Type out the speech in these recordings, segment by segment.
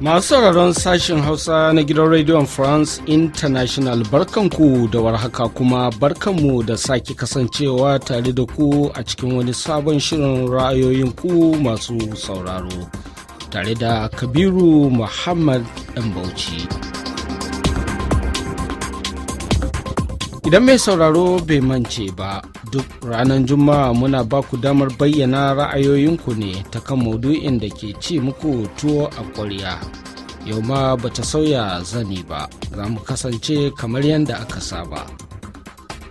Masu sauraron sashen Hausa na gidan rediyon France International barkanku da warhaka kuma barkanmu da sake kasancewa tare da ku a cikin wani sabon shirin ra'ayoyin ku masu sauraro tare da Kabiru Muhammad Bauchi. Idan mai sauraro bai mance ba, duk ranar Juma'a muna ba ku damar bayyana ra'ayoyinku ne ta kan maudu'in da ke ci muku tuwo a ƙwarya. Yau ma ba ta sauya zani ba, za mu kasance kamar yadda aka saba.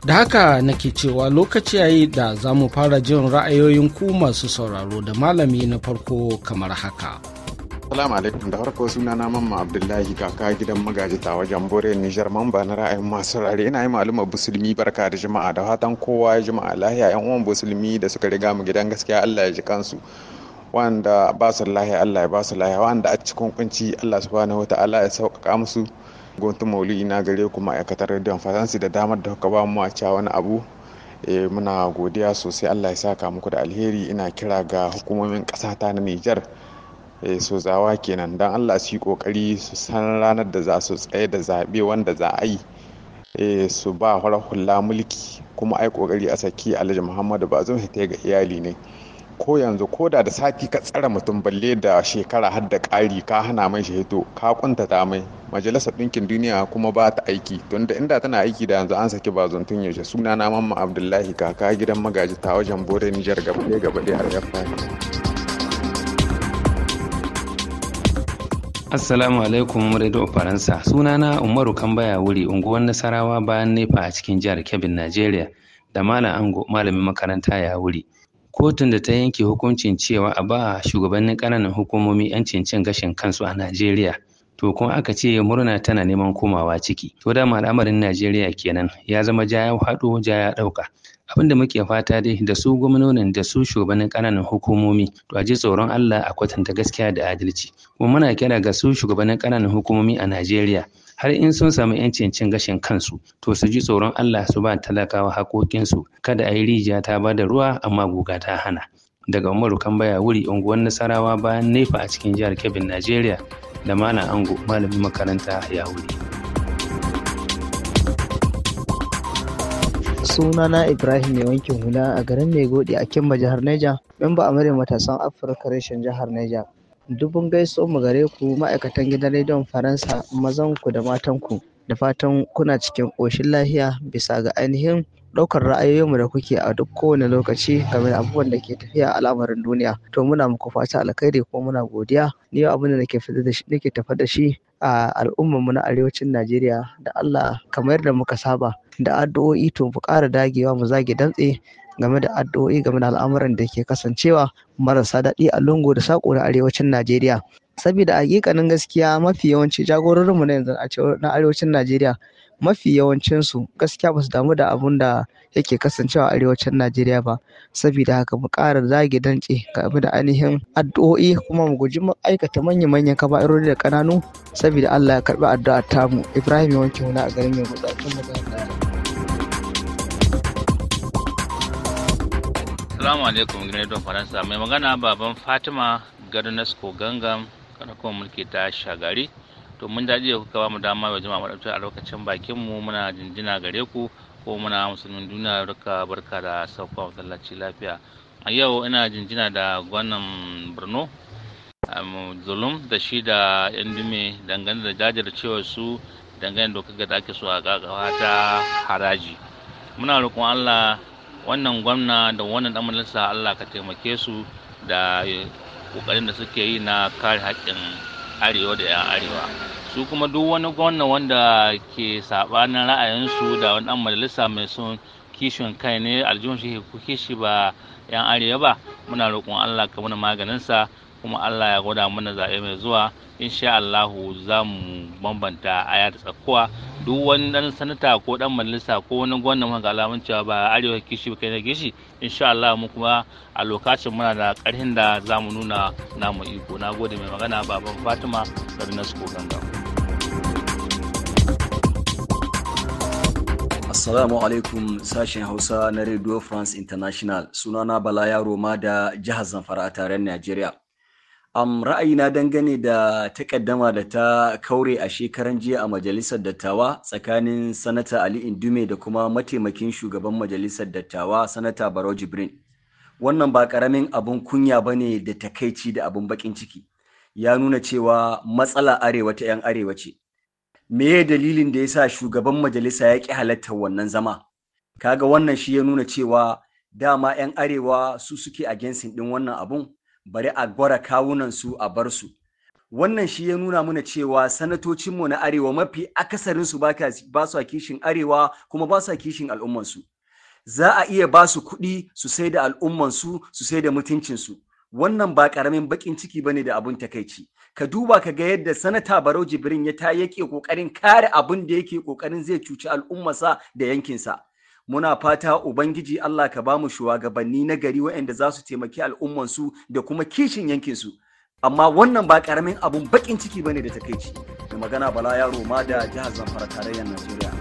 Da haka nake cewa lokaci yayi da za mu fara jin ra'ayoyin ku masu sauraro da malami na farko kamar haka. Assalamu alaikum da farko suna na mamma Abdullahi kaka gidan magaji ta wajen Bore Nijar mamba na ra'ayin masu rare ina yi malumar musulmi barka da jama'a da fatan kowa ya jama'a lahiya yan uwan musulmi da suka riga mu gidan gaskiya Allah ya ji kansu wanda ba su lahiya Allah ya ba su lahiya wanda a cikin kunci Allah subhanahu wataala ya sauƙaƙa musu gontu maulidi na gare ku ma'aikatar rediyon faransi da damar da kuka ba mu a wani abu e, muna godiya sosai Allah ya saka muku da alheri ina kira ga hukumomin kasata na Nijar Eh, so zawa kenan dan allah su yi kokari su san ranar da za su tsaye da zaɓe wanda za a yi eh, su ba farar hula mulki kuma ai kokari a saki alhaji muhammadu ba zan hita ga iyali ne ko yanzu ko da da sati ka tsara mutum balle da shekara har da ƙari ka hana mai shi hito ka kuntata mai majalisar ɗinkin duniya kuma ba ta aiki don da inda tana aiki da yanzu an saki ba tun yaushe suna na mamma abdullahi kaka gidan magaji ta wajen bore nijar gabaɗe gabaɗe har yafa Assalamu alaikum Radio Faransa. Sunana Umaru Kambaya wuri unguwar Nasarawa bayan Nefa a cikin jihar kebbin Najeriya da Malam Ango malamin makaranta ya wuri. Kotun da ta yanke hukuncin cewa a ba shugabannin ƙananan hukumomi 'yancin cin gashin kansu a Najeriya. To kun aka ce murna tana neman komawa ciki. To ma al'amarin Najeriya kenan ya zama jaya haɗo jaya ɗauka. abin da muke fata dai da su gwamnonin da su shugabannin ƙananan hukumomi to a ji tsoron Allah a kwatanta gaskiya da adalci kuma muna kira ga su shugabannin ƙananan hukumomi a Najeriya har in sun samu yancin cin gashin kansu to su ji tsoron Allah su ba talakawa haƙoƙinsu kada a yi rijiya ta ba da ruwa amma guga ta hana daga Umaru Kambaya wuri unguwar Nasarawa bayan Nefa a cikin jihar Kebbi Najeriya da Malam Ango malamin makaranta ya wuri. sunana Ibrahim mai wankin hula a garin Maigode a Kimba jihar Neja, memba a amarin matasan Afirka reshen jihar Neja. Dubun gaiso mu gare ku ma'aikatan gidan rediyon Faransa mazan ku da matan ku da fatan kuna cikin ƙoshin lafiya bisa ga ainihin ɗaukar ra'ayoyinmu da kuke a duk kowane lokaci game da abubuwan da ke tafiya a al'amarin duniya to muna muku fata alkhairi ko muna godiya ni abin da nake nake tafa da shi a al'ummar mu na arewacin Najeriya da Allah kamar da muka saba da addu'o'i to mu ƙara dagewa mu zage dantse game da addu'o'i game da al'amuran da ke kasancewa marasa daɗi a lungu da saƙo na arewacin Najeriya. Sabida hakikanin gaskiya mafi yawanci jagororinmu na yanzu na arewacin Najeriya mafi yawancinsu gaskiya ba su damu da abun da yake kasancewa a arewacin Najeriya ba. Sabida haka mu ƙara zage dantse abu da ainihin addu'o'i kuma mu guji aikata manya manyan kaba'irori da kananu sabida Allah ya karɓi addu'ar mu Ibrahim ya wanke a garin Mai Gutsa. Assalamu alaikum Gidan Faransa mai magana baban Fatima garin Nasko Gangam kuma mulki ta shagari. to mun daɗi da kuka ba mu dama wa jama'a maɗauta a lokacin bakin mu muna jinjina gare ku ko muna musulmin duniya rika barka da sauka masallaci lafiya a yau ina jinjina da gwanan borno zulum da shi da yan dume dangane da jajircewar su dangane da dokar da ake so a gagawa ta haraji muna roƙon allah wannan gwamna da wannan dan majalisa allah ka taimake su da eh, ƙoƙarin da suke yi na kare haƙƙin arewa da 'yan arewa su kuma duk wani gwamna wanda ke sabanin ra'ayinsu da wani dan majalisa mai son kishin kai ne aljihun shi ku kishi ba yan arewa ba muna roƙon Allah ka muna sa kuma Allah ya gwada mana zaɓe mai zuwa insha Allahu za mu bambanta aya da tsakuwa duk wani dan sanata ko dan majalisa ko wani gwamnan wanga alamun cewa ba arewa kishi ba kai na gishi insha Allah mu kuma a lokacin muna da karhin da za mu nuna namu iko na gode mai magana baban Fatima daga Suko Ganga. Assalamu alaikum sashen Hausa na Radio France International sunana Bala Yaro ma da jihar Zamfara a tarayyar Najeriya. Um, ra'ayina dangane da takaddama da ta kaure a shekaran jiya a majalisar dattawa tsakanin sanata ali indume da kuma mataimakin shugaban majalisar dattawa sanata Barau jibrin wannan ba karamin abun kunya ba ne da takaici da abun bakin ciki ya nuna cewa matsala arewa ta 'yan arewa ce meye dalilin da ya sa shugaban majalisa ya ƙi halartar wannan zama kaga wannan shi ya nuna cewa dama 'yan arewa su suke a ɗin wannan abun bari a gwara kawunansu a bar su wannan shi ya nuna mana cewa sanatocinmu na arewa mafi akasarinsu ba su kishin arewa kuma ba su kishin al'ummansu za a iya ba su kuɗi su sai da al'ummansu su sai da mutuncinsu wannan ba ƙaramin baƙin ciki ba ne da abin takaici ka duba ka ga yadda sanata barau jibrin ya ta yake ƙoƙarin kare abin da yake ƙoƙarin zai cuci al'ummarsa da yankinsa muna fata ubangiji Allah ka bamu shugabanni na gari waɗanda za su taimaki al'ummansu da kuma kishin yankinsu amma wannan ba karamin abun bakin ciki bane da takaici da magana bala yaro ma da jihar zamfara tarayyar najeriya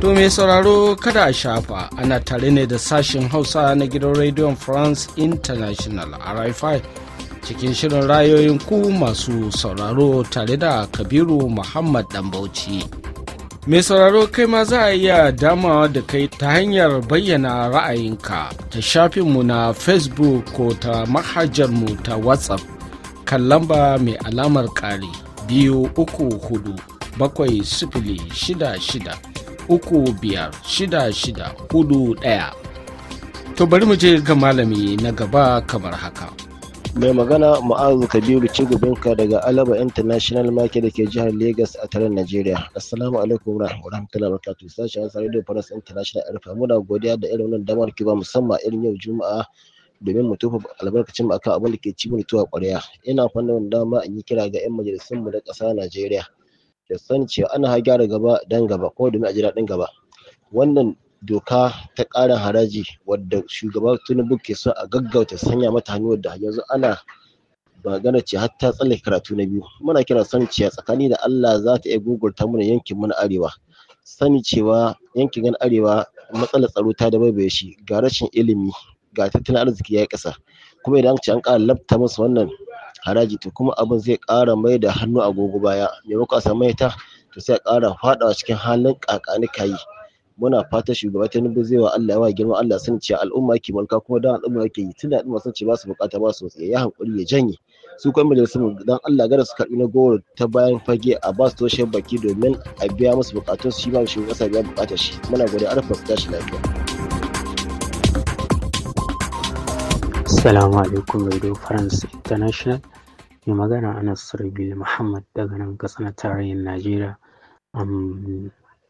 To mai sauraro kada a shafa ana tare ne da sashen hausa na gidan rediyon france international rfi cikin shirin rayoyin ku masu sauraro tare da kabiru muhammad dan bauchi. Mai sauraro kai ma za a iya damawa da kai ta hanyar bayyana ra'ayinka ta shafinmu na Facebook ko ta manhajarmu ta WhatsApp kan lamba mai alamar ƙari biyu uku hudu bakwai sifili shida shida uku biyar shida shida hudu ɗaya. To bari mu je ga malami na gaba kamar haka. mai magana ma'azu kabiru cigubinka daga alaba international market da ke jihar lagos a taron nigeria assalamu alaikum wa rahmatullahi wa barakatuhu sashen hausa radio faransa international arfa muna godiya da irin wannan damar kiba musamman irin yau juma'a domin mu tufa albarkacin akan abin da ke ci mu tuwa ƙwarya ina wani dama in yi kira ga 'yan majalisun mu na ƙasa Najeriya da san cewa ana ha gyara gaba dan gaba ko domin a ji daɗin gaba wannan doka ta ƙarin haraji wadda shugaba tinubu ke so a gaggauta sanya mata hannu wadda yanzu ana magana ce har ta tsallake karatu na biyu muna kira sani cewa tsakani da allah za ta iya gugurta mana yankin mu arewa sani cewa yankin gan arewa matsalar tsaro ta da bai shi ga rashin ilimi ga tattalin arziki ya yi ƙasa kuma idan ce an ƙara labta musu wannan haraji to kuma abin zai ƙara mai da hannu agogo baya maimakon a samu ta to sai a ƙara faɗawa cikin halin ƙaƙani kayi muna fata shugaba Tinubu zai wa Allah ya yawa girma Allah sun ce al'umma ke mulka kuma dan al'umma yake yi tunda al'umma sun ce ba su bukata ba su ya hankuri ya janye su kuma majalisar mu dan Allah gara su karbi na goro ta bayan fage a ba su toshe baki domin a biya musu bukatun su shi ba shi kasa biya bukatar shi muna gode arfa ku tashi lafiya Assalamu alaikum Radio France International mai magana Anas Sirbil Muhammad daga nan kasar tarayyar Najeriya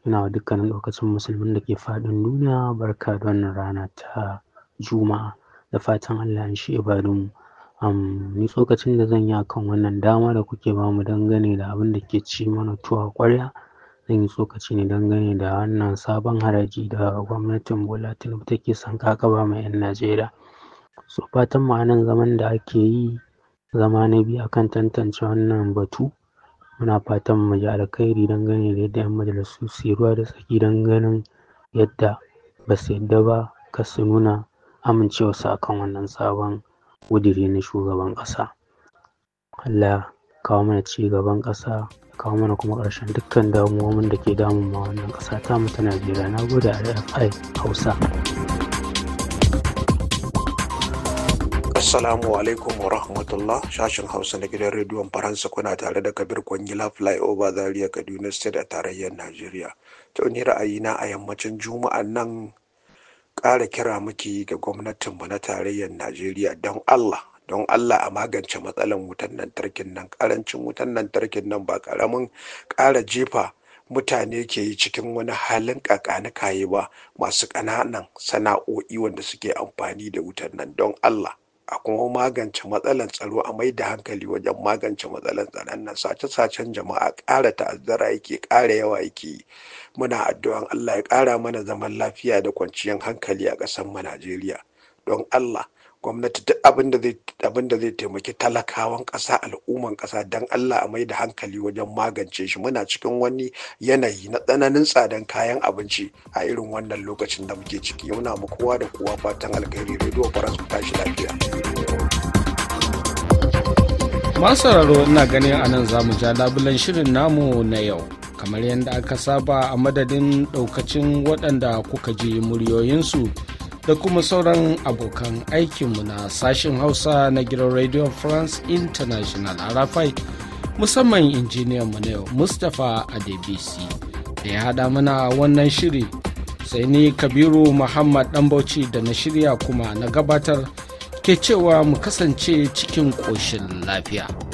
Ina wa dukkanin ɗaukacin musulmin da ke faɗin duniya barka da wannan rana ta Juma'a. Da fatan Allah ya anshi ibadunmu. Am, ni tsokacin da zan yi a kan wannan dama da kuke ba mu dangane da abin da ke ci mana tuwo a ƙwarya, zan yi tsokaci ne dangane da wannan sabon haraji da gwamnatin Bola Tinubu take son kakaba ma 'yan Najeriya. So fatanmu a nan zaman da ake yi, zama na biyu a kan tantance wannan batu. Muna fatan mu ji alkhairi don ganin yadda 'yan majalisu su yi ruwa da tsaki don ganin yadda ba su yadda ba ka su nuna amincewarsu a kan wannan sabon wudiri na shugaban ƙasa. Allah ya kawo mana ci ƙasa, ya kawo mana kuma ƙarshen dukkan damuwa da ke damun ma wannan ƙasa tamu ta Najeriya. Na gode RFI Hausa. Assalamu alaikum wa rahmatullah shashin Hausa na gidan rediyon Faransa kuna tare da Kabir Kwangila flyover Zaria Kaduna State a tarayyar Najeriya. To ni ra'ayina a yammacin Juma'a nan ƙara kira muke ga gwamnatinmu na tarayyar Najeriya don Allah don Allah a magance matsalan wutan lantarkin nan karancin wutan lantarkin nan ba karamin ƙara jefa mutane ke yi cikin wani halin kakani kaye ba masu ƙananan sana'o'i wanda suke amfani da wutan nan don Allah a kuma magance matsalar tsaro a mai da hankali wajen magance matsalar tsaron nan sace-sacen jama'a ƙara ta'azzara yake ƙara yawa yake muna addu'an Allah ya ƙara mana zaman lafiya da kwanciyar hankali a ƙasar mu Najeriya don Allah gwamnati duk abin da zai taimaki talakawan ƙasa al'umman ƙasa don Allah a mai da hankali wajen magance shi muna cikin wani yanayi na tsananin tsadan kayan abinci a irin wannan lokacin da muke ciki muna mu kowa da kowa fatan alkhairi radio masu sauraro ina ganin a nan za mu ja labulen shirin namu na yau kamar yadda aka saba a madadin daukacin waɗanda kuka ji muryoyinsu da kuma sauran abokan aikinmu na sashen hausa na gidan radio france international arafai musamman injiniyan mu na yau mustapha adebisi da ya haɗa mana wannan shiri sai ni kabiru muhammad bauchi da na shirya kuma na gabatar ke cewa mu kasance cikin ƙoshin lafiya.